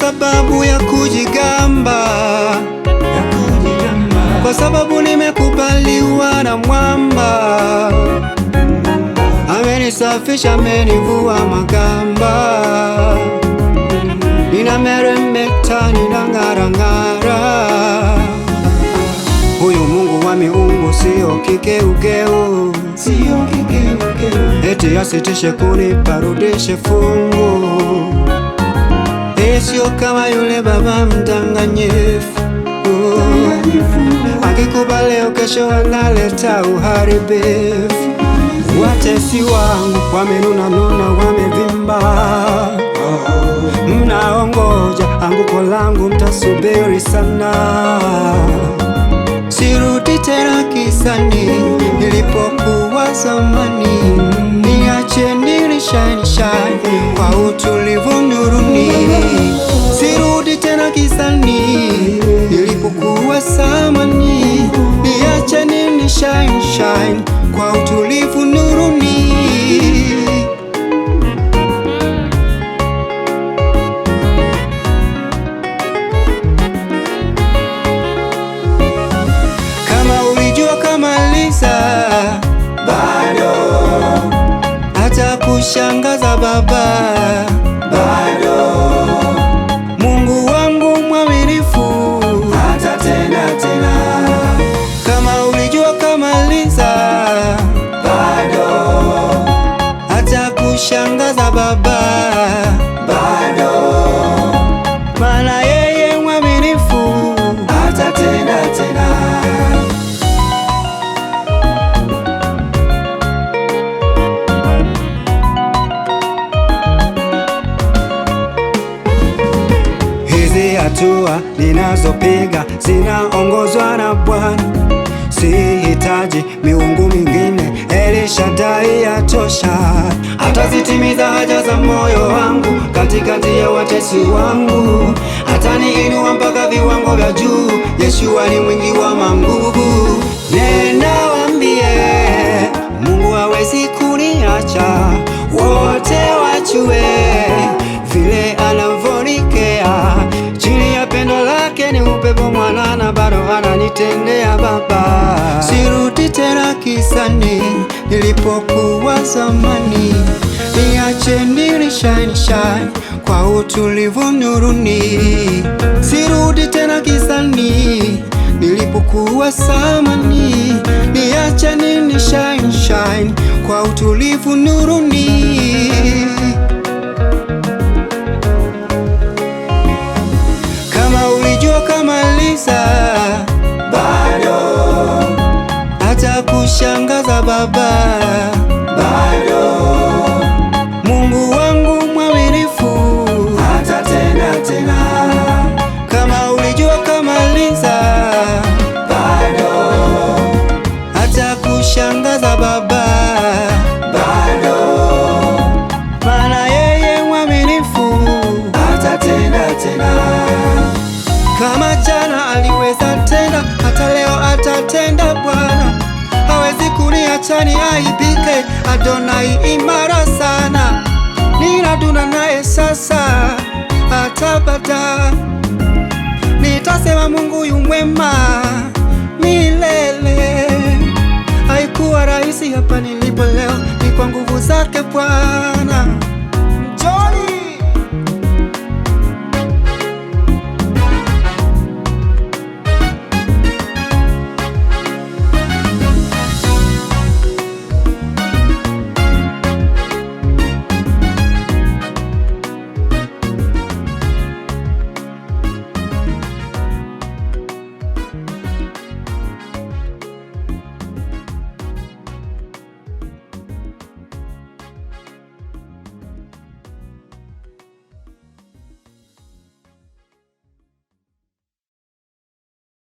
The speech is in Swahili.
sababu ya kujigamba, ya kujigamba, kwa sababu nimekubaliwa na mwamba. Amenisafisha, amenivua magamba, ninameremeta, ninang'arang'ara. Huyu Mungu wa miungu sio kigeugeu, sio kigeugeu, eti asitishe kunipa, rudishe fungu sio kama yule baba mdanganyifu akikubaleo, kesho analeta uharibifu. Watesi wangu wamenuna nuna, wamevimba, mnaongoja anguko langu, mtasubiri sana. Sirudi tena kisani nilipokuwa zamani, niache nirishani shani kwa utu ba ba ba. Bye, hatua ninazopiga zinaongozwa na Bwana, sihitaji miungu mingine, Elishadai yatosha. Atazitimiza haja za moyo wangu katikati ya watesi wangu, hataniinua mpaka viwango vya juu. Yeshua ni mwingi wa manguvu upepo mwanana bado ananitendea Baba, sirudi tena kisani nilipokuwa zamani, niache nili shine shine kwa utulivu nuruni, sirudi tena kisani nilipokuwa zamani, niache nini shine shine kwa utulivu nuruni kushangaza baba, bado Mungu wangu mwaminifu, hata tena tena. Kama ulijua kamaliza, bado hata kushangaza baba, bado mana yeye mwaminifu, hata tena tena. Kama jana aliweza tena, hata leo atatenda Bwana hawezi kuniacha niaibike. Adonai imara sana, ninaduna naye sasa hata bada. Nitasema Mungu yu mwema milele. Haikuwa rahisi hapa nilipo leo, ni kwa nguvu zake Bwana.